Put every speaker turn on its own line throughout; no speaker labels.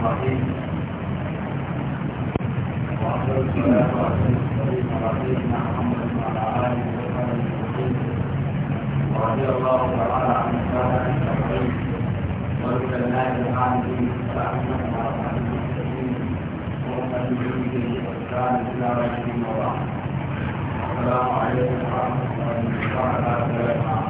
الرحيم وأفضل الصلاة والسلام على محمد وعلى آله وصحبه أجمعين ورضي الله تعالى عن السادة التابعين والعلماء العاملين فأحمد وأصحاب المسلمين وأمة بجوده وإحسان إلى رجل وبعد السلام عليكم ورحمة الله وبركاته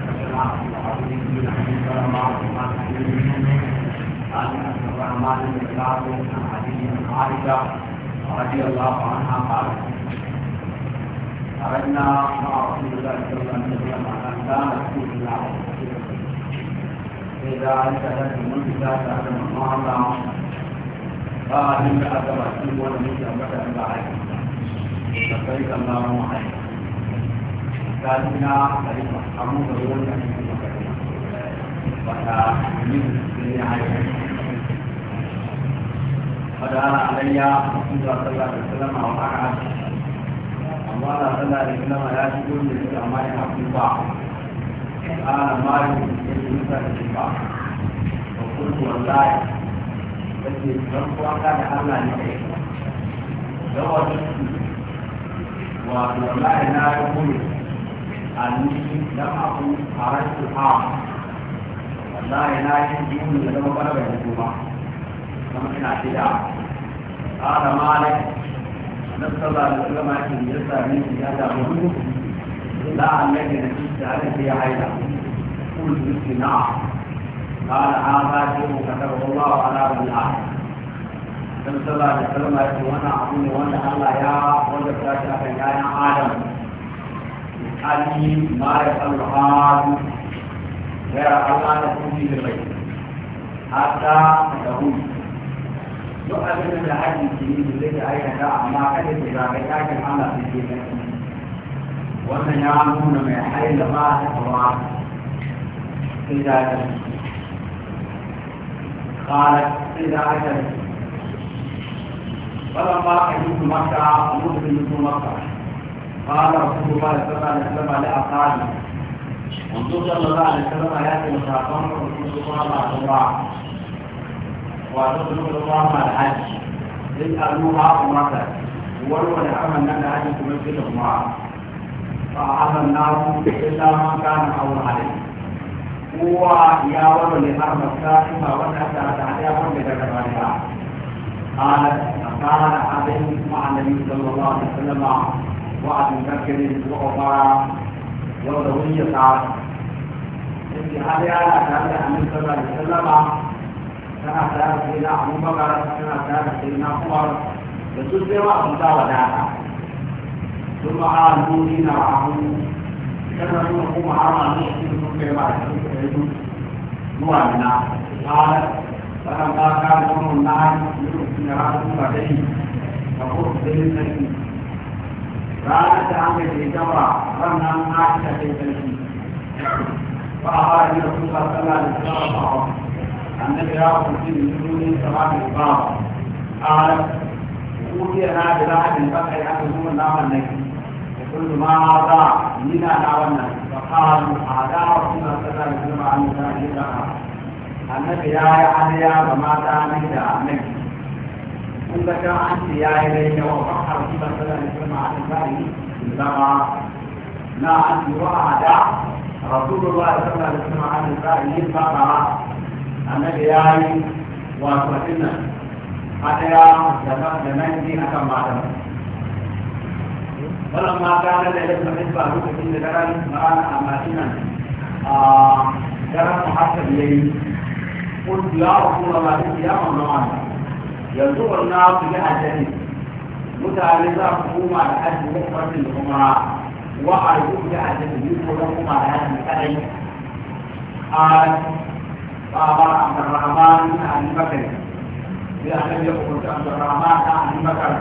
رضي الله عنها قالت خرجنا مع رسول الله صلى الله عليه وسلم على كان رسول الله إذا انتهت المنتجى تعلم الله قال إن أتى رسول ولم يجب أن بعد فقيت اللهم عليك ثانيا كلمة حمود يقول فدعا علي رسول الله صلى الله عليه وسلم وقعد الله صلى الله عليه وسلم لا تقول مثل ما يحب الباع قال ما يمكن مثل الباع وقلت والله التي تنقل كان حملا لكيف لو وجدت والله لا يقول قال مالك نسأل الله أن يسأل منه هذا مهم لا أنك نسيت أنا في قال هذا كتبه الله على بالعهد نسأل الله لكما أن يكون وانا أقول وانا الله يا وجب لك أن آدم عليم لا يفعل الحال غير الله تكون في الغيب حتى تقول يؤمن من الحج الكريم الذي أيها أعمى كذب إذا كان الحمل في الجنة ومن يعلمون ما يحل ما تقرأ إذا قالت إذا أتت فلما أجيب مكة مدرك مكة قال رسول الله صلى الله عليه وسلم لأصحابه منذ صلى الله عليه وسلم يأتي مشاقون رسول الله مع الله وتطلب الله مع الحج اسألوها أمتك ولو لعمل أن أجلكم مثل الله فأعظم النار إلا من كان حول عليه هو يا ولد لحرم الساحب وتحت عليها ومن ذكر عليها قالت قال عليه مع النبي صلى الله عليه وسلم وعد مكرم وعمر ولوية في هذه الآية كان النبي صلى الله عليه وسلم كان كان سيدنا أبو بكر كان كان سيدنا عمر يسلم أبدا وداعا ثم عادوا دين معهم كان يقوم على أن يحسنوا كما يحسنوا نورنا قال فلما كان أمر النعم يؤمن رأسه عليه فقلت للنبي فأنت عمل الجمرة رمنا من عاشة في البلد فأخرج رسول الله صلى الله عليه وسلم النبي رأى في الجنود صلاة الإقامة قال أوتي أنا بلاحة الفتح أنهم النار النبي يقول ما هذا من نار النبي فقال هذا رسول الله صلى الله عليه وسلم عن النبي يا علي وما تعمل النبي in ka ga an ce ya yi rai yawa ba har shi ba ta da kuma a tsari zama na an yi wa'ada rasulullah sallallahu alaihi wasallam an tsari ba ba annabi ya yi wato dinnan hadaya da nan ji akan matan wannan mata na da yadda mai ba lokacin da daren ma'ana a matinan a daren muhassab yayi kun ya wa kuma ma duk ya mamma yanzu wannan su ji aljani mutane za ku koma da hajji ko farkin da kuma wa a yi ku ji aljani ni ko zan koma da hajji kadai a baba abdurrahman na abubakar sai a kan ya kuɓuta abdurrahman na abubakar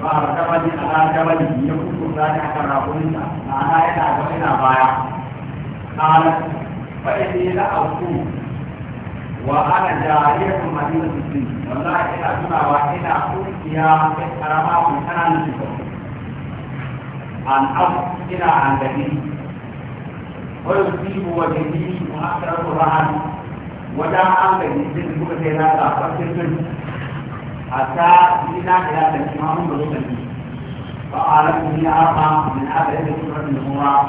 ba a kabali a na kabali ya kuɓuta ne a kan rakuninsa ma'ana yana gaba yana baya قالت فإني لأقول وانا جاريه مدينه الدين والله الى هنا واحده اوتي كرامه من سنه نسيته عن اب الى عن دليل ويصيب وجهه مؤثر الرهن وجاء عن دليل يقول لك لا تفكر حتى جئنا الى الامام بلوغه فقالت لي ارقى من هذا الذي من هو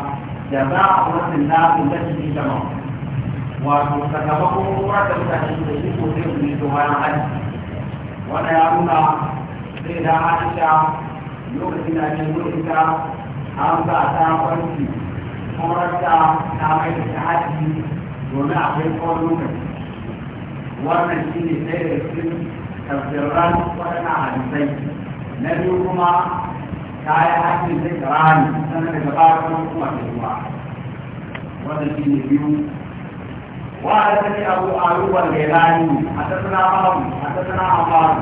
جزاء رد الناس من في تمام wato sakamakon kura da mutane da shi ko zai kuli to bayan hali wanda ya nuna zai da aisha lokacin da ake gudun ta an za ta kwanci kumrarta ta mai da ta haji domin akwai kawai lokaci wannan shi ne ɗaya da cikin tafsirar waɗannan hadisai na biyu kuma ta yi haji zai karani sannan daga ba kuma kuma ta zuwa wannan shi ne biyu وحدثني أبو أيوب الهلالي حدثنا عمرو حدثنا عمار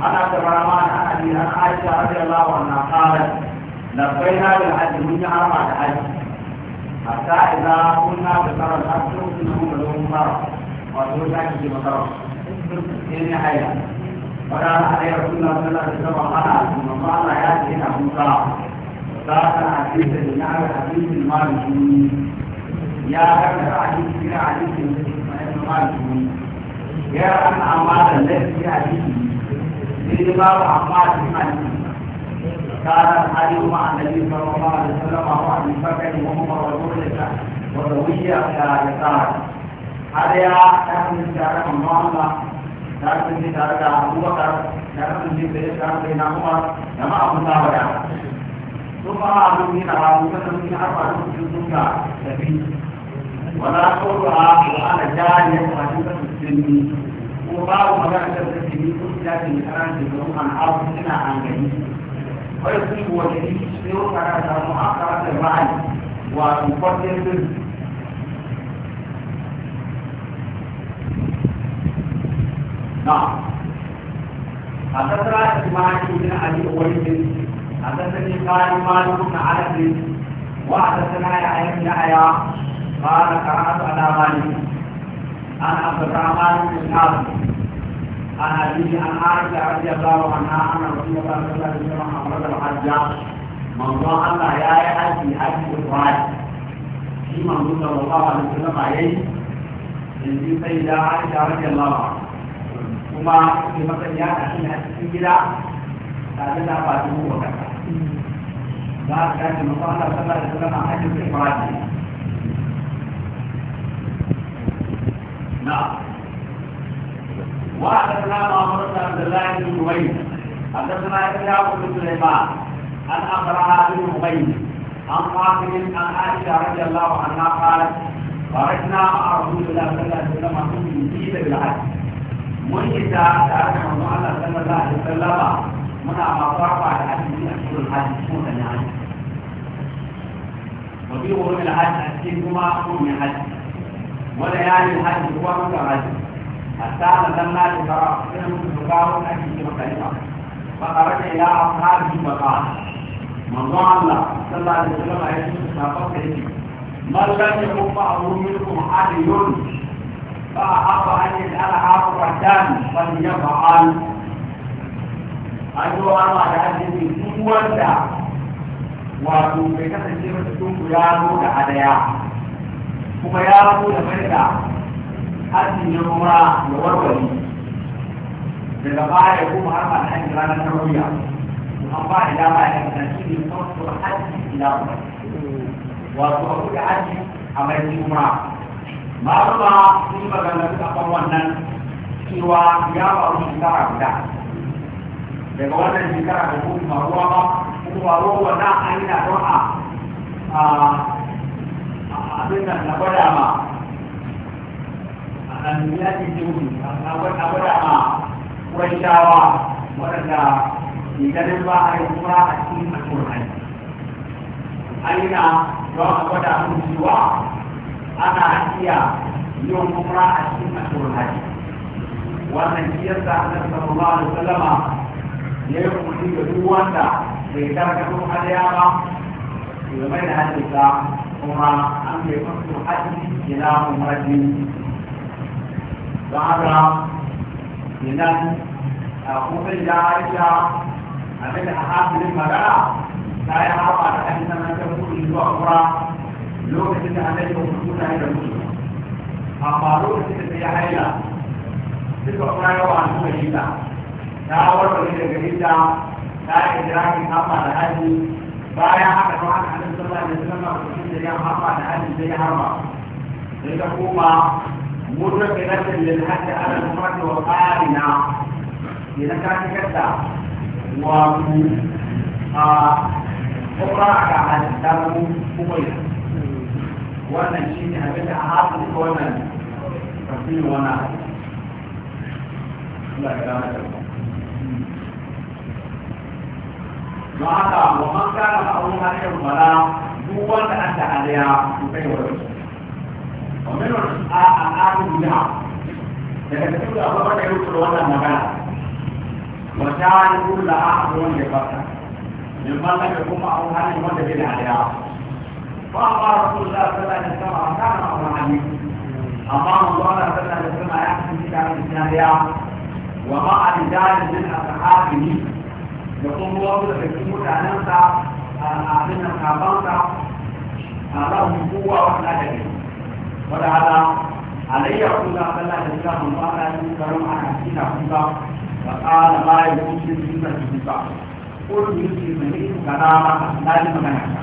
انا عبد الرحمن عن أبي عن عائشة رضي الله عنها قالت لبينا بالحج من حرم الحج حتى إذا كنا بترى الحج كلهم لهم مرة وتقول لك في مطر في حيا وقال عليه رسول الله صلى الله عليه وسلم قال ثم قال يا سيدنا موسى وقال حديث الجنة حديث المال يا أن عليك في عليك يا أن أعمال التي عليك لإدبار أعمال المال كانت الحديث مع النبي صلى الله عليه وسلم مع أبي بكر وعمر وضوية وروية كالكار هذا يا من شارع المعلمة لكن من شارع أبو بكر لكن في ذلك بين عمر لما أبو الله ثم أبو أبو بكر من أربعة جزء كبير ولا حرها وأنا جارية خفيفة السن وبعض مدارس التسليم كتلة الآن تدعو عن عرض سنة عن جديد ويصيب وجديد سيرك على مؤخرة الرعي ومفضل نعم حدثنا اسماعيل بن ابي اويس حدثني قال مالك بن عبد وحدثنا يحيى بن عياش قال قرأت على مالك أنا عبد الرحمن بن حارث أنا أبي عن عائشة رضي الله عنها أن رسول الله صلى الله عليه وسلم أمرت الحجاج من ضاع الله يا يحج حج إفراد في من صلى الله عليه وسلم عليه من سيدة عائشة رضي الله عنها ثم في مكان a cikin a cikin gida tare da ba dubu wa kasa الله صلى الله عليه وسلم حج da نعم وحدثنا معمر بن عبد الله بن جبير حدثنا اسحاق بن سليمان أن اقرا بن مبين عن قاسم عن عائشه رضي الله عنها قالت خرجنا مع رسول الله صلى الله عليه وسلم في جيل بالعدل مجد تعرف من الله صلى الله عليه وسلم منع ما صرف على العدل من اشهر الحج شهر الحج يعني. وفي غرور الحج اسكنهما امر من الحج ولا يعني الحج هو متمدد حتى لما ترى منهم تقاوم أجل مختلفة فخرج إلى أصحابه فقال من ضاع الله صلى الله عليه وسلم يجوز تفقه من لم يكن معه منكم عدل فأحب أن يسأل عن الرحمن فليفعل أيوة أنا لأجل قوة wato bai kasance ba cikin ku ya kuma ya rabu da farka hajji na mura da warware daga baya kuma har ba na hajji ranar tarwiyya an ba da dama ya kan shi ne kawai hajji ila kuma wato a kuka hajji a mai mura masu ba sun yi magana suka kan wannan cewa ya faru shekara guda daga wannan shekara da kuma ruwa ba kuma ruwa wannan an yi na don a abin nan na gwada ma a anniyati jini na gwada ma wani shawa waɗanda idan ba a yi kuma a cikin alƙur'ani aina don a gwada mun cewa ana iya yin kuma a cikin alƙur'ani wannan shi yasa annabi sallallahu alaihi wasallama ya yi umarni ga duk wanda bai tarka kuma hadiya ba ya mai da hadisa kuma an bai musu haji ila umarni don haka kenan a kuma ya aisha abin da a hafilin magana ta yi haɓa da hadisan nan ta kuɗi zuwa kura lokacin da annabi ba mutu na da mutu amma lokacin da ya haila duka kuma yawa an suka yi ta ta warware daga ita ta yi jiragen haɓa da hadisan bayan haka kuma an hannun sallah da sallama kusur da yan haɓa da hannun da ya harba sai ta koma mutum da rashin lalhata ala mummata wa ƙarina ke na kashi kasta wato a kuma a ga hannun damu kuma wannan shi ne abin da a hasu wannan tafiyar wannan Allah ya gane da don haka wa man kana fa aure haka yau bala duk wanda an da alaya to kai wa rasu wa min a al'adu biha daga cikin da abubuwan da ya rubuta wannan magana wa ta'ani kullu ahad wanda ya fata min mallaka kuma aure haka wanda bai da alaya فأمر رسول الله صلى الله عليه وسلم كان أمر عليه أمام الله صلى الله عليه وسلم يحكم في كلام الجارية وما رجال من أصحابه يقول الله بالحكمة أن أنفع أعطينا أعطانك أعطاهم قوة وإحنا جميل ولعل علي أقول أن لا تسلم الله لا يذكرون عن أحسين أخوك فقال ما يكون في الجنة في قل يسلم لي كلامك لا يمكنك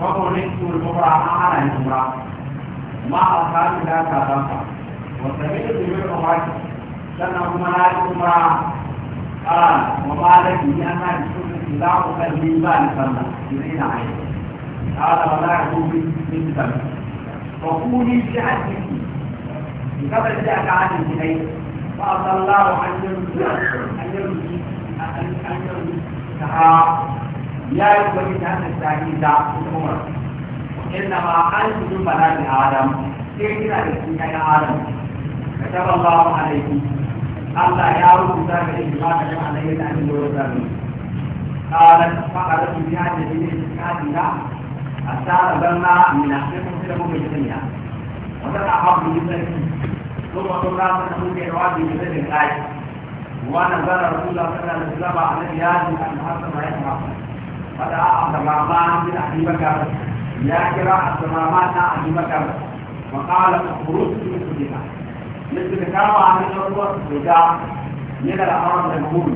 وقلت الكبرى أنا الكبرى ما أصحابي لا تعلمك وسمعت من عمرك سنة ملائكة قال وما إنما لأنا بسنة لا أصلي ذلك الله يرين عليه قال ولا يكون من سبب وقولي بشأنك قبل ذاك عاد إليه فأرضى الله أن يرضي أن يرضي أن يرضيها يا يبني هذا التعليم عمر وإنما أنت من بنات آدم إيه كده يا آدم كتب الله عليكم Allah ya rubuta ga shi ba ka jama'a da yadda ake yi da ni قالت فقالت في هذه الدنيا بنا من أحسن مسلم في الدنيا وتقع حظ جدا ثم تقام تقول في عواد جدا الآية ونزل رسول الله صلى الله عليه وسلم على جهاز أن حصل ما يسمع فدعا عبد الرحمن بن أبي بكر يا كرا عبد الرحمن أبي بكر وقال اخرج من سجنك مثل كانوا عن الشرطة بتاع يلا الأمر مجهول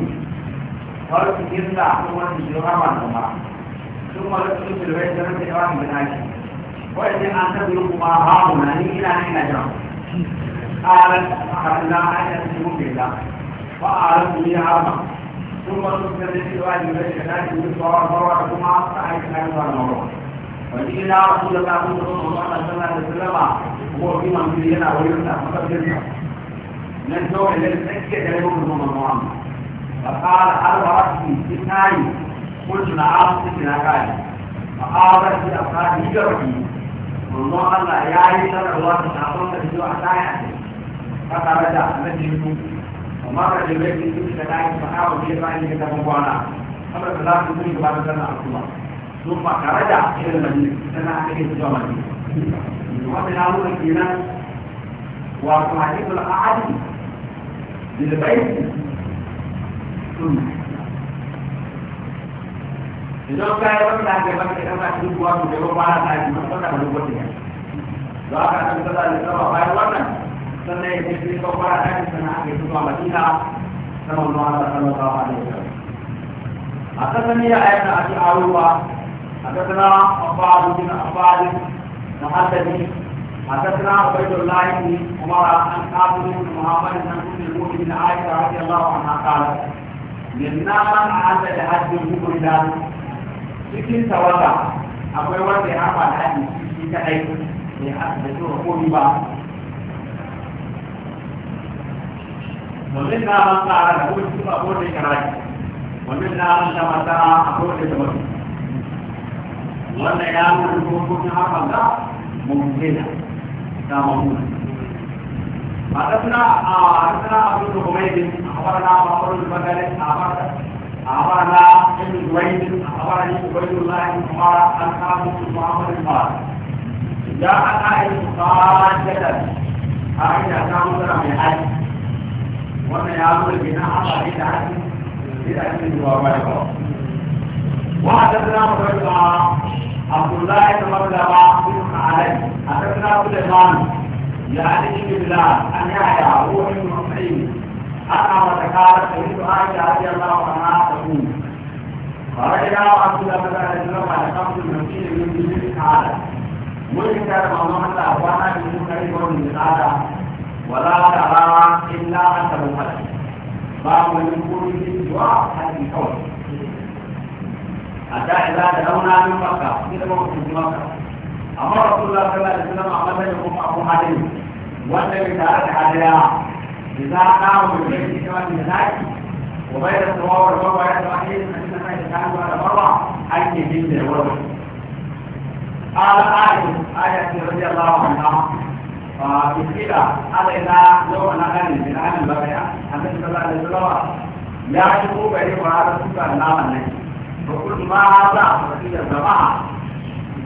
فرق يطلع هو الجرام على الجماعة ثم لبسوا في البيت زمن الإمام بن عائشة وإذن أن تبلغ ما هاهنا إلى حين جرم قالت أخذنا عائشة تسلمون بالله فأعرضوا لي عرضا ثم تبلغ في الوقت من الشهادة بالصور مرة ثم أصبح يتنازل الموضوع وجئنا رسول الله صلى الله عليه وسلم هو في منزل هنا او يفتح مصدر يفتح من النوع الذي تأكد له من المجموعة فقال أربع رأسي في الثاني قلت نعم في نكاي فقال رأسي أفراد يجربي والله الله يا شرع الله تعطوك في سوء ساعة فترجع مسجده ومر جبريل في سوء ساعة فقال بيضا إنك تبوانا أمر الله تقول بعد سنة الله ثم خرج إلى المدينة سنة عليه الجمال wannan ya nuna kenan wato hadithul ahadi lil baiti idan ka yi wani da ke baka idan ka ci kuwa to da ba ta ji ba ta da lokaci ne za ka san kaza da sama bayan wannan sannan ya ce ko ba ta ji sannan aka yi zuwa madina sallallahu alaihi wasallam حدثني ابن ابي عروه حدثنا عباد بن عباد حدثني حدثنا عبيد الله بن عمر عن قابل بن محمد بن عبد المؤمن بن عائشه رضي الله عنها قال منا من عاد لحد المؤمن دار لكن توضا اقوى وقت عفا الحد في كايت لحد المؤمن بار ومنا من قال له اسم ابو الكراجي ومنا من لم ترى ابو الكراجي ومنا من قال له اسم ابو الكراجي ممكنه مامون حدثنا آه، حدثنا عبد بن حميد اخبرنا عمر بن بدر اخبرنا ابن زويد اخبرني عبيد الله بن عمر عن خالد بن محمد بن جاء عائشة قاصدا عائشة قاصدا من حج وانا يا عمر بن عمر بن حج وحدثنا عبد الله بن مبلغ بن علي حدثنا سليمان يا ابن بلال ان يحيى هو ابن مسعود انا وتكالت سمعت عائشه رضي الله عنها تقول خرجنا رسول الله صلى الله عليه وسلم على خمس المسجد من مسجد تعالى ملك كان مؤمنا وانا من كريم من تعالى ولا ترى الا انت مفلس باب من كل الدعاء هذه كون حتى اذا دعونا من مكه الى موت مكه أمر رسول الله صلى الله عليه وسلم عمدا يقوم أبو عليه والنبي تعالى عليها إذا قاموا بالبيت كما في ذلك وبين الصواب والمروة يتوحيد فإنما يتكلم على مرة أي جد الوضع قال آية آية رضي الله عنها فبسكيلة هذا إذا لو أنا غني من أهل البقية النبي صلى الله عليه وسلم يعشق بين قرآن السكر نعم النبي وكل ما هذا فقيل الجماعة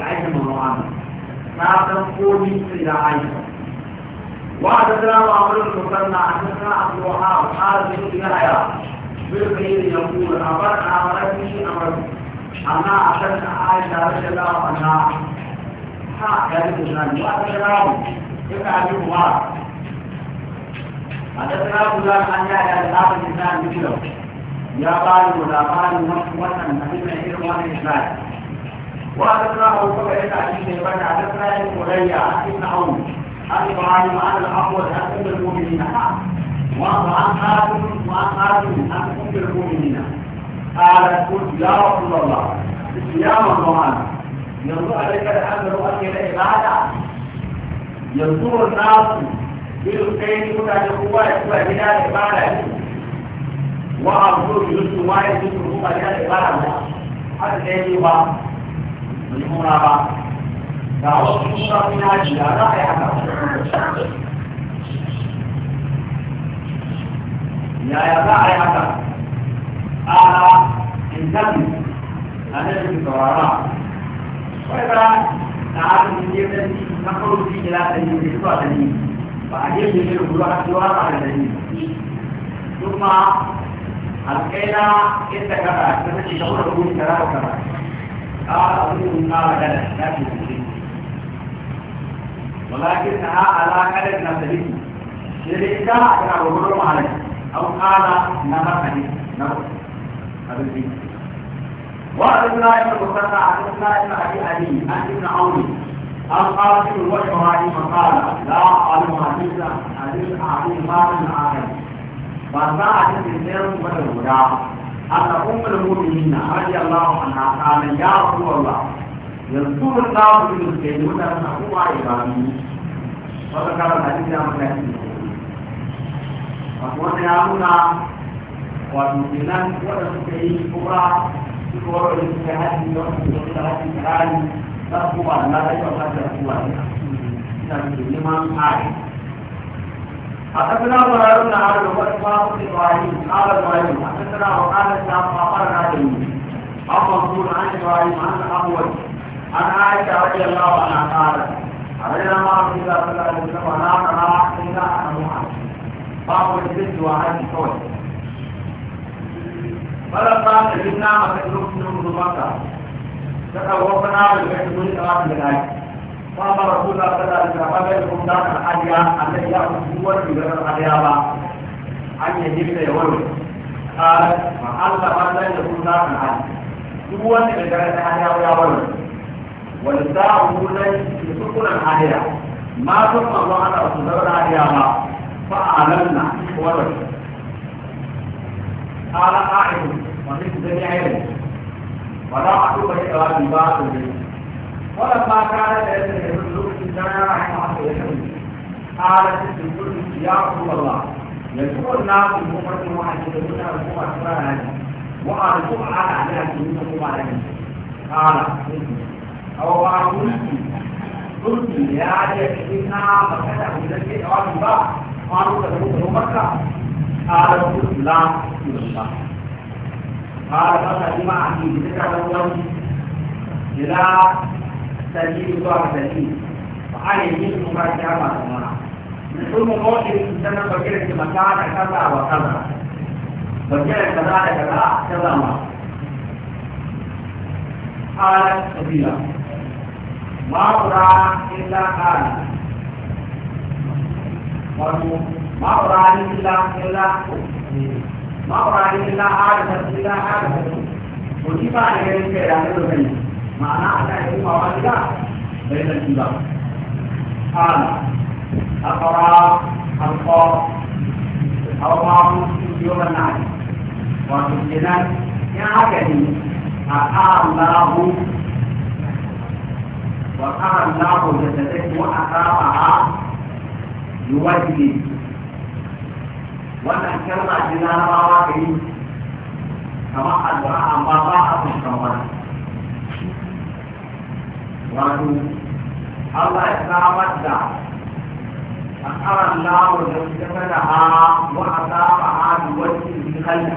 da ake mamman ta san komi sai da aisha وحدثنا عمر بن المثنى حدثنا عبد الوهاب قال بن يحيى بالخير يقول امرنا امرتني امرت انا اشد عائشه رضي الله عنها ها يا ابن الشام وحدثنا ابن ابي عمر حدثنا فلان عن يحيى بن عبد الانسان مثله يا بال ولا بال وطن نبينا الى وطن الاسلام وحدثنا ابو بكر بن علي بن ابن عون عن ابراهيم عن الاحوص عن ام المؤمنين وعن حاتم وعن حاتم عن ام المؤمنين قالت قلت يا رسول الله يا من ظهرنا ينظر عليك الامر ان الى عباده ينظر الناس بالخير متى لقوة يقوى بلا عبادة وأنظر يسوع يسوع بلا عبادة هذا الذي من هنا بعد فعرفت الصورة من عجلة رائعة يا يا رائعة آه، أعلى انتم أنا في القرارات وإذا تعالوا من جيبنا نخرج في إلى تنين بسوى تنين فأجيب من الغلوة السوارة على تنين ثم ألقينا إنت كذا شعور أبوي كذا وكذا قال أريد ما بدلا لكن ولكنها على قدر نفسه شركة كان غرور عليه أو قال نفسه نفسه أبي وأبنا ابن مصطفى أبنا ابن أبي علي عن ابن عون عن قاسم وإبراهيم قال لا أعلم حديثا حديث أعلم ما من عالم وأبنا حديث الزيت بدل الهدى أن أم المؤمنين رضي الله عنها قال يا رسول الله يذكر الله في المسلمين أنه إبراهيم وذكر الحديث يا مسلمين وأخوانا يا أمنا وأنزلنا ورسولين كبرى كبرى الاجتهاد والاجتهاد الآن تقوى لا يقوى تقوى إلى من آية حدثنا مرار بن عامر واسماء بن ابراهيم قال ابراهيم حدثنا وقال الشام فقال نادم عن منصور عن ابراهيم عن اول عن عائشه رضي الله عنها قالت علينا مع رسول الله صلى الله عليه وسلم لا نرى الا انا محمد باب الجد وعن الحوت فلما سجدنا مسجد بن مكه تتوفنا بالبيت من ثلاث بلايين قام رسول الله صلى الله عليه وسلم فبينهم ذات الحاجة التي يأخذ سوى في ذات الحجابة أن يجب يولد قال فعلم أن لن يكون ذات الحاجة سوى في ذات الحجابة يولد والداء لن يسكن الحاجة ما ثم الله أن رسول الله الحجابة فأعلمنا ولد قال قاعد وفي جميع ولا أحب إلا بباطل ولما كانت هذه الرسول في الجامعة رحمه الله قالت في كل يا رسول الله يكون الناس المؤمن واحد الحكومة كمان وقال الحكومة على عليها كلمة الحكومة عليها قال أو أقول قلت يا جئتنا نعم، فكذا بذلك أوان الله قالوا تدعوه مكة قال قلت لا إلا الله قال فقد ما عندي بذكر الأول إلى تأجيل ضعف تأجيل وعلى يمين مبارك أما تمام نقول موقف سنة فكرة مكان كذا وكذا وجاء كذا كذا كذا ما قال قبيلة ما أرى إلا قال ما أرى إلا إلا ما أرى إلا عارفة إلا عارفة وجيب عن غير كلام الغني معناها تعرف قواعد بين الكبار قال أقرأ القاف أربعة يوم وفي الجنان النعم وتسجنان يعجبني أعلاه وأعلاه جسده وأقرأها يوجه وأن كلمة جنابها كما قد رأى ما ضاعت الشوارع wato Allah ya samar da akaran lawo da su tafi da ha wa a saba ha da wacce su kalla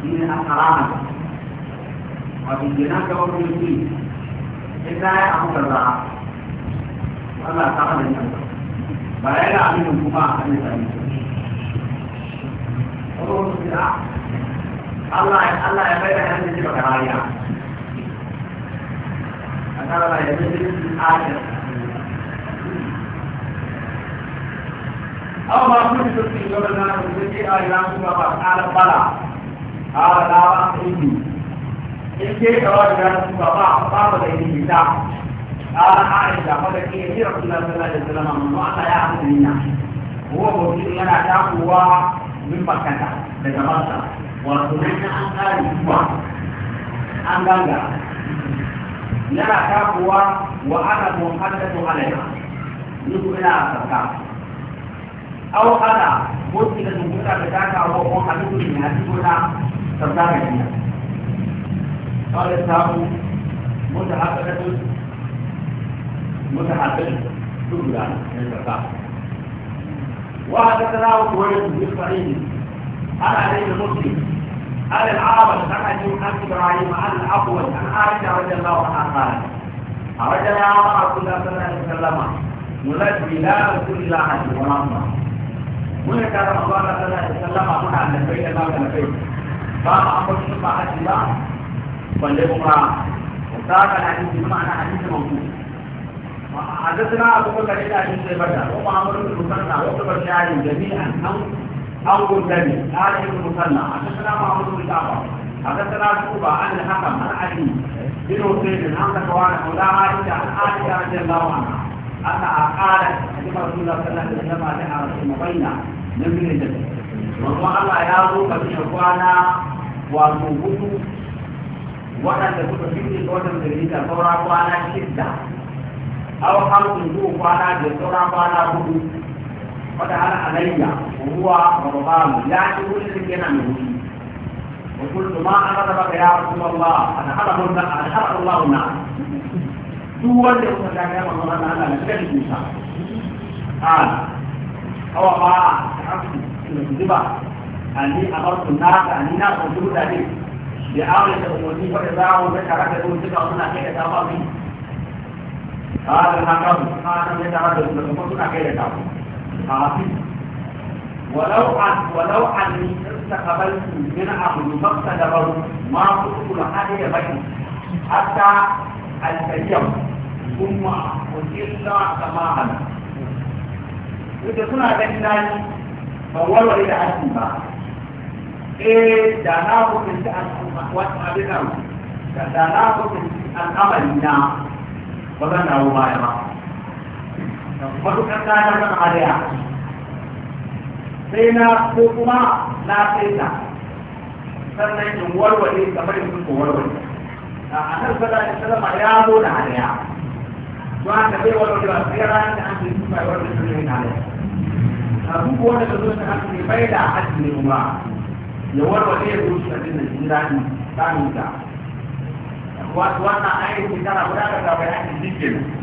shi ne akaran wato kenan ga wani shi sai ta yi abu da za Allah ya samar da shi ba yana abin kuma a kan sami Allah ya Allah ya bai da hannun shi ba kariya أو ما كنت تسكي يوم أنا كنت أيام كما بلا قال لا أعلم إن كنت أراد أن أكون بابا بابا لديه بلا قال عائشة قال كي رسول الله صلى الله عليه وسلم من وأنا يعبد منا هو موجود لنا تقوى من مكة لجبالها وسنن أن قال هو لا تقوى وأنا محدث عليها يقول إلى أفكار أو أنا مسكت المكتة بتاعك أو محدث من هذه ترتاح فيها قال الساق متحققة متحققة تبدا للترتاح وحدثنا وكويس بن سعيد أنا علي المسلم هل العرب اتخذوا عن ابراهيم عن الاقوى عن عائشه رضي الله عنها قالت خرجنا مع رسول الله صلى الله عليه وسلم نلبي لا رسول الله عنه ونصر من كان رسول الله صلى الله عليه وسلم مع النبي الله ونبي قام امر ثم حج الله فليقرا وساق الحديث بمعنى حديث موجود حدثنا ابو بكر بن ابي شيبه ومعمر بن مسلم وابو بكر جميعا أو قدامي قال ابن المثنى حدثنا محمود بن جعفر حدثنا شعبة عن الحكم عن علي بن حسين عن ذكوان مولى عائشة عن عائشة رضي الله عنها أنها قالت أن رسول الله صلى الله عليه وسلم لها رسول بين من من الجنة والله الله يا روح بشكوانا وتوبته waɗanda suka fiye da watan jirgin saura kwana shidda aw hamsin ko kwana da saura kwana hudu ودعا علي وهو غضبان لا تقول لي انا منه وقلت ما غضبك يا رسول الله انا حرم انا حرم الله النار سوى اللي قلت لك يا رسول الله انا لم تجد نساء قال هو قال الكذبه اني امرت الناس اني ناس وجود عليه بأمر تأمرني فإذا ذكرك يقول تلك أمنا كيف تأمرني قال ما قبل ما لم يتردد لكم كيف تأمرني حافظ ولو عن ولو عني استقبلت من عبد فاقتدره ما قلت لحد يبكي حتى التيم ثم قتلت كما انا إذا كنا بإنني فولوا إلى أسمى إيه داناه من تأسمى وأسمى بنا نعم. داناه من الأمل نا وذنه ما يرى matuƙar ta ta san ariya sai na ko kuma na sai ta sannan in warware kamar in ko warware a nan sada da salama ya zo da ariya don haka bai warware ba sai ranar da ake yi mai warware su ne na ariya a duk wanda ka zo ta hankali bai da hankali ne kuma ya warware ya zo shi a cikin jin daɗi samun ta wannan ainihin shekara guda ka zaɓa ya ake jikin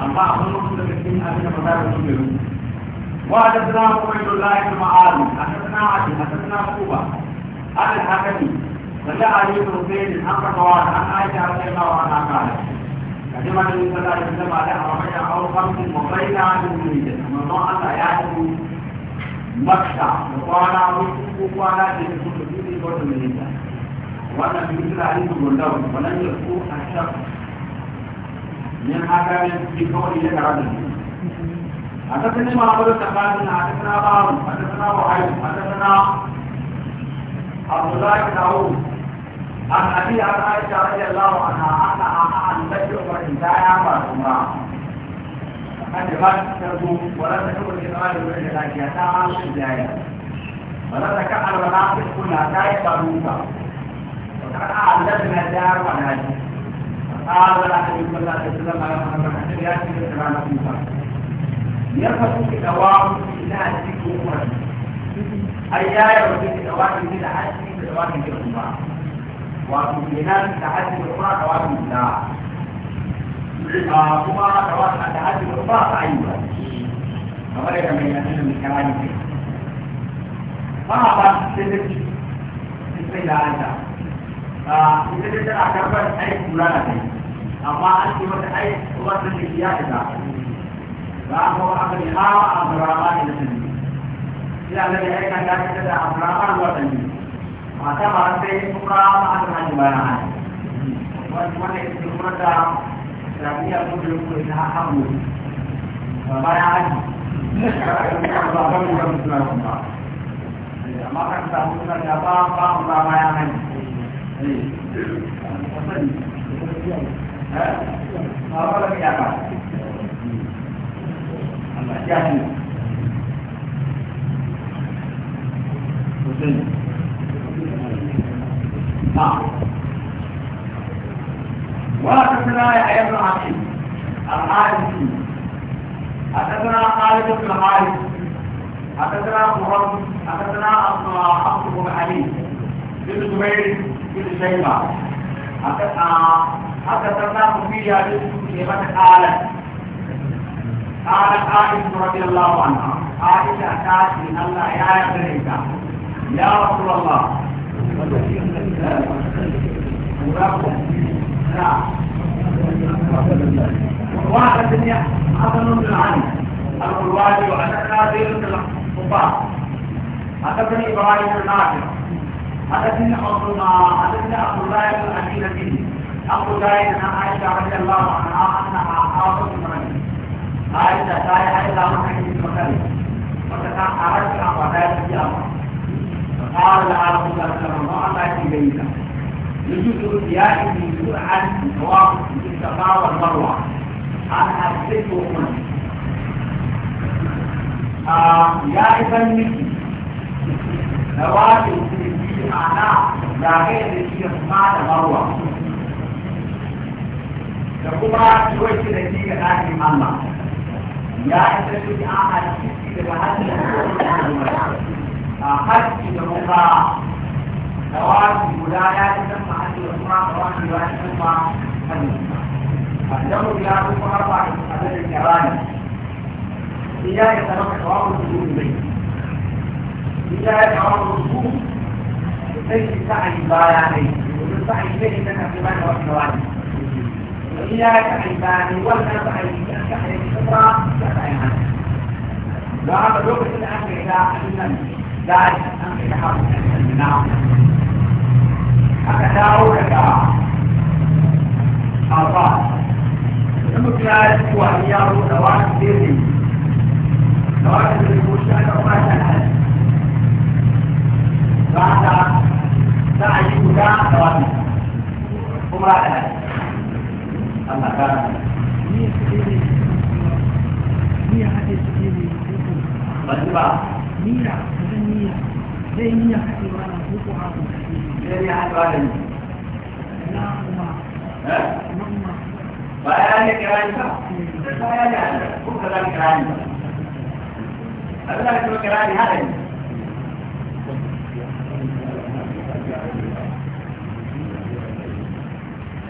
amma abin mutum daga cikin abin da ba za su yi وحدثنا عبيد الله بن معاذ حدثنا عدي حدثنا عقوبة عن الحكمي وجاء علي بن حسين عن قطوان عن عائشة رضي الله عنها قالت قدم النبي صلى الله عليه وسلم على ربيع أو خمس وبين عن المريد من ضاع حياته مكة وقال وقال وقال جنسوس في البرد المريد وأنا في مثل عليه بن ولم يكن الشخص منها كانت في كون يدعمه حدثني معبد التقاسم حدثنا بعض حدثنا وحيد حدثنا عبد الله بن عوف عن ابي عن عائشه رضي الله عنها انها ان تجرب الانسان فالامراء فقد غد ترجو ولا تكون الاقرار بين ذاتها عن الجاهل ولا تكأن المناطق كلها لا يقبلوك وقد اعلمنا الدار والهجر قال النبي صلى الله عليه وسلم على محمد بن الحجاج بن سلام يرفض بدوام الى هذه الامور اي لا يرفض بدوام الى حد بدوام الامه وبالجنان تعدي الامه دوام الله كما دوام تعدي الامه ايضا kamar yadda mai yanzu mai kalani ne ba a ba su sai da sai da ita dai tana karɓar aiki kula na kai amma an ce mata aiki kuma ta ce ya shiga ba a kuma aka ne hawa a burama ne na sani ina da ya aika ta fita da burama ruwa da ne mata ba sai kuma ma aka hajji bayan hajji wani wanda ya ce kuma da rabiya ko da ko ina hamu ba bayan hajji amma kan samu suna da ba ba bayan hajji ولا تسنا يا ابن عقيل العالمي حدثنا خالد بن الحارث حدثنا محمد حدثنا عبد الله بن علي بن زبير بن شيبة حدثنا مفيد عن شيبة قالت قالت عائشة رضي الله عنها عائشة قالت إن الله يا يدريك يا رسول الله واحد الدنيا حسن بن علي الغلواني وعن كاثير بن الخطاب حدثني ابراهيم الناصر حدثني حدثني عبد الله بن ابي لبيب ابو زايد عن عائشه رضي الله عنها انها حافظ امرأة عائشه لا يحل لها من حديث المكان وتكان حرجها ولا يستجاب فقال لها رسول الله صلى الله عليه وسلم بينا يجوز ارتياح من جرعا سواء في الصفا والمروه عنها الست وامه آه، يا ابن مكي نواتي معناه لا غير الشيخ بعد مروة لكما شوية نتيجة هذه محمد يا إنسان أعمل كيسي لبهذه أخذت لمقا دواب ولايات تسمى أن الأسماء دواب ولايات تسمى أنه إلى أسماء أربعة أبد الكرامة إلى يتنقى دواب الدخول إليه إلى يتنقى الدخول sai sa'ayi baya ne domin sa'ayi zai ta kafi mana wata wani وإلى كعبان ولا بعيد كعب الكبرى كعبان وهذا لغة الأمر إلى أن ذلك الأمر إلى حرب النار حتى أولك أربعة المكلاس هو أيار سواء سيري سواء سيري مشاهد أو ما شاهد بعد za a yi guda da wani kuma da nan Allah ka niyya haɗe su ne mai hukum ba niyya ta niyya zai niyya haɗe wa na hukum haɗe zai niyya haɗe wa da ni na kuma na kuma ba ya ne kirani ba ba ya ne kuma ka zan kirani ba Allah ka kirani haɗe ne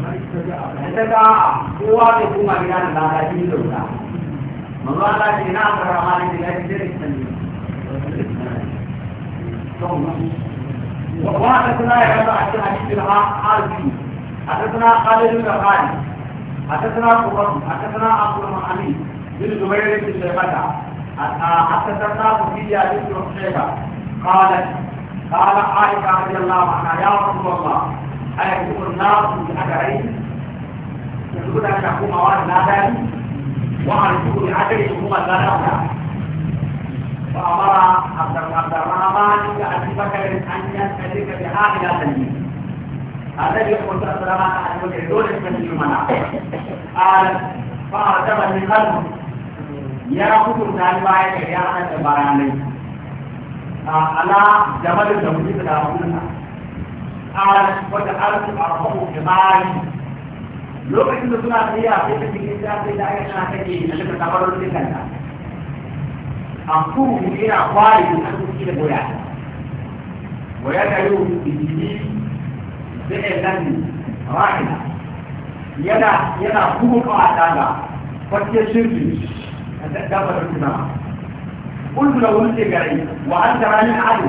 da ta ga kowa da kuma gida da lada shi da wuta manzo Allah ce na fara hali da ya ce da sani وحدثنا يا رب عن حديث العارفي حدثنا خالد بن خالد حدثنا قرم حدثنا عبد الرحمن بن زبير بن شيبة حدثنا صفية بن شيبة قالت قال عائشة رضي الله عنها يا رسول الله ana cikin nasu da aka rai da su da aka komawa da nadari wa'an su da aka yi kuma zanata فأمر عبد عبد الرحمن بأبي بكر أن ينسلك بها إلى سليم هذا يقول عبد الرحمن أن يدعون سليم منا قال فأعجب من قلبه يا كتب نالبايك يا أنا تباراني على جبل الزوجي تدعوننا قال وجعلت أرفعه جمالي lokacin da suna tsaya sai da cikin sai da aka tana take da suka tabar da kanta an kuma yana kwari da an kuki da goya goya da yau bijini zai nan rahina yana yana kuma kawa daga kwakke shirki da dabar da kuma kullu lahu al-jari wa anta rani adu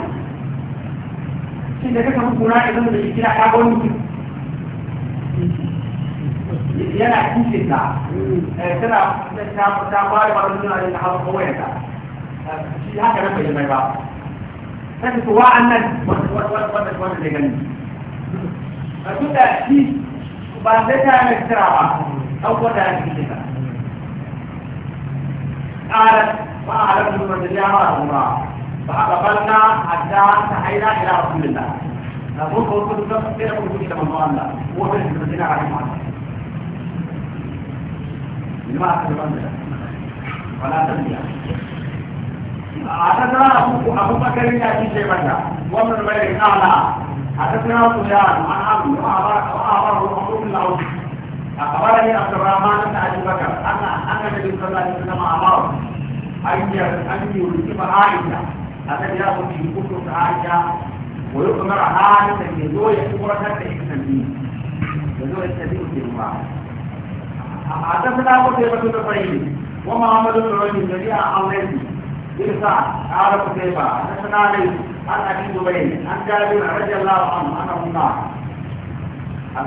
shi da kaka muku na idan da shi kira ka gwani yana kishe ta tana ta ta ba da wani nuna da hawa kawai ta shi haka nan bai mai ba sai ku wa annan wanda wanda ne gani a duk da shi ba zai ta mai kira ba an kwata ya kishe ta قالت وأعلم من الجامعة فقبلنا حتى تحينا إلى رسول الله نقول قلت لكم كثيرا قلت لكم من الله المدينة عليه الصلاة لما أخذ ولا تنبيه أبو بكر بن أبي شيبة وابن الزبير قال حدثنا عن عبد أخبرني عبد الرحمن بن أبي بكر أن أن النبي صلى الله عليه وسلم أمره أن أن يلتف عائشة هذا يا رب يكون عائشة ويؤمر عائشة يدور يكبر حتى يستنبيه يدور يستنبيه في المعنى حدثنا قتيبة بن سعيد ومحمد بن عبد جميع حولته بالفعل قال قتيبة حدثنا عليه عن ابي زبير عن جابر رضي الله عنه انه قال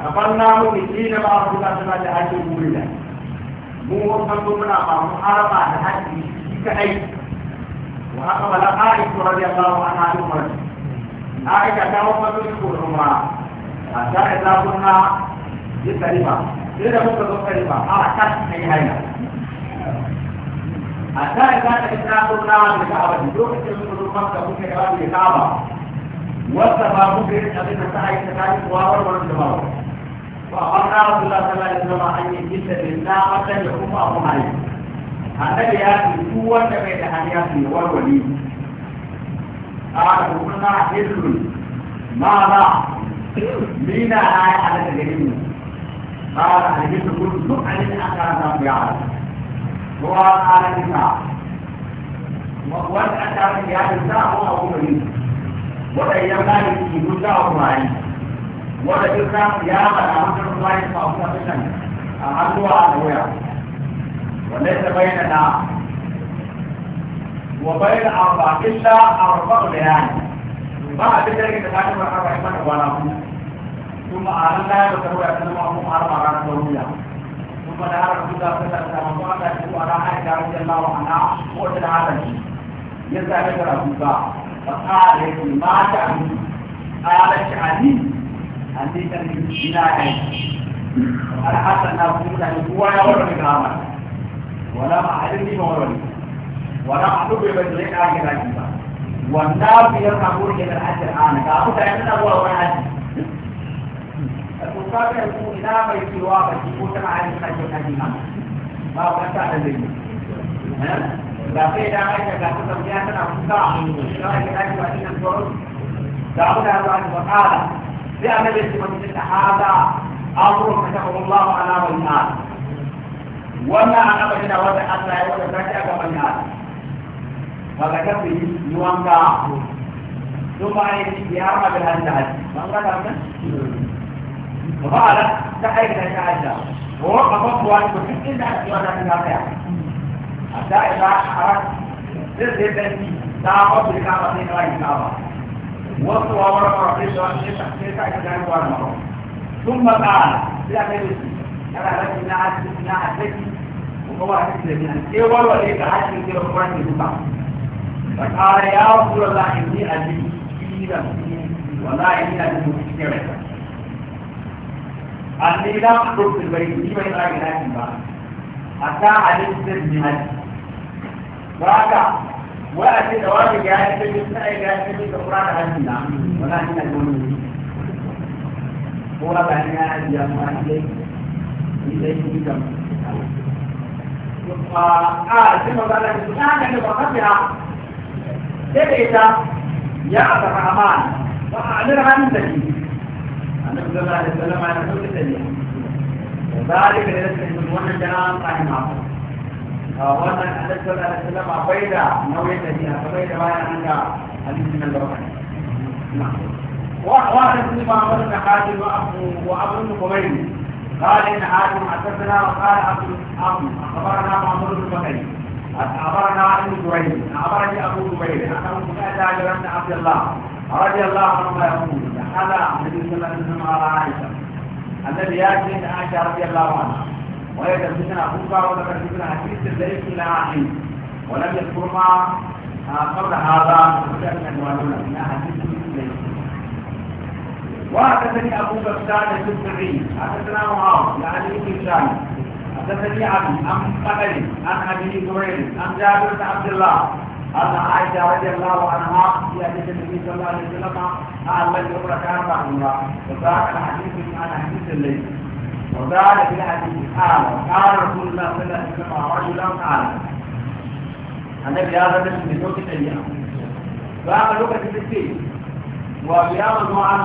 أقبلنا مؤمنين مع رسول الله صلى الله عليه وسلم مو وصلتم من أمام محاربة الحج كأي وأقبل لقائد رضي الله عنها عمرة عائشة توفت تشكو العمرة حتى إذا كنا بالكلمة إذا كنت بالكلمة حركت في هيئة حتى إذا كنا كنا بالكعبة بدون كلمة المكة ممكن كمان بالكعبة والسفا ممكن أن تتعي تتعي تواور والجمال وأمرنا رسول الله صلى الله عليه وسلم أن يجد بالله حتى يقوم أبو عليه annabi ya ce su wanda bai da hanya su yi warware a kuma hillun ma ba ni na na yi halatta gari mu ba da halittu kun duk halittu an kara samu ya halatta ruwa halitta wanda an kara ya ce za a kuma kuma ne wanda ya ba da ke mun za a kuma yi wanda duk za mu ya ba da hankali kuma ya ba kuma fitan a hannuwa a doya وليس بيننا وبين أربع إلا أربع بيان ما أدري كيف تتعلم الأربع إيمان ولا هم ثم أعلنا وتروى أسلم أهم أربع رات ولولا ثم نهار رسول الله صلى الله عليه وسلم وأنا أشكو على عائشة رضي الله عنها قوة أن يرجع لك رسول الله فقال أن ما تعني قال شعني عندي أن جناحي الحسن أبو الله هو يورد كامل ولا أحد فيهم ولي ولا أحد بيبدلك آخر عجيبا والنار في القبور إلى الحج الآن كأبو تعملنا هو أول حج الكفار يقول إلى بيت الواقع يقول كما عن الحج الحجيما ما هو أنت على ذلك لا في لا حاجة لا تسميها سنة مستعى لا يجب أن يكون دعونا هذا وقال لأن الاسم هذا أمر كتبه الله أنا من آدم wannan annabi da wanda Allah ya wanda sai aka manta wanda kafi yi ثم قال أنا عرفت إنها عدت إنها عدتي وهو عدت لنا إيه والله ليك عدت كده وقرأت يسمع فقال يا رسول الله إني أجل كثيرا ولا إني أجل كثيرا أني لا أخرج في البيت لما يبقى جناك بعد حتى علمت بهذا وأكا وأتي دواب جاهز في السنة جاهز في القرآن هذه ولا إني أجل هو بأني أجل إليك آه كما قال لك سبحانك وقتها تبعت يا أبا الرحمن وأعملها من تجيب النبي صلى الله عليه وسلم على كل تجيب وذلك ليس من وجه جنان قائم عفوا wannan alaikar da alaikar ba bai da nauyin da biya ba bai da bayan an ga hadisin nan gaba wa wa da kuma wannan da hadi wa abu wa abu kuma ne قال إن حاتم حدثنا وقال عبد الأمر أخبرنا معمر بن بكري أخبرنا ابن جريج أخبرني أبو جبير أنه سمعت بن عبد الله رضي الله عنهما يقول دخل النبي صلى الله عليه وسلم على عائشة الذي يأتي عند عائشة رضي الله عنها وهي تلبسنا أبوك وذكر ابن حديث ليس إلى عائشة ولم يذكرها آه، قبل هذا من حديث ليس وحدثني ابو بكر السبعي حدثنا معاويه عن يعني ابن هشام حدثني عبد عن قتلي عن ابي زهير عن جابر بن عبد الله أن عائشة رضي الله عنها في حديث النبي صلى الله عليه وسلم قال من يقرأ كان رحم الله وذاك الحديث عن حديث الليل في الحديث قال قال رسول الله صلى الله عليه وسلم رجلا قال أنا في هذا مش من صوت الأيام فأنا لوكا تسكي وقيام الله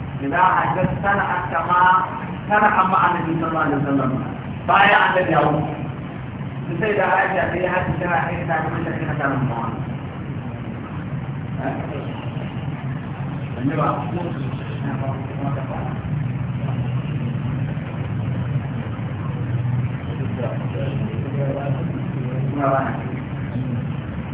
إذا حدث سنة كما سنع مع النبي صلى الله عليه وسلم بايع عند اليوم السيدة عائشة في هذه الشرائع حيث تعمل شكلها كان المعارض Thank you.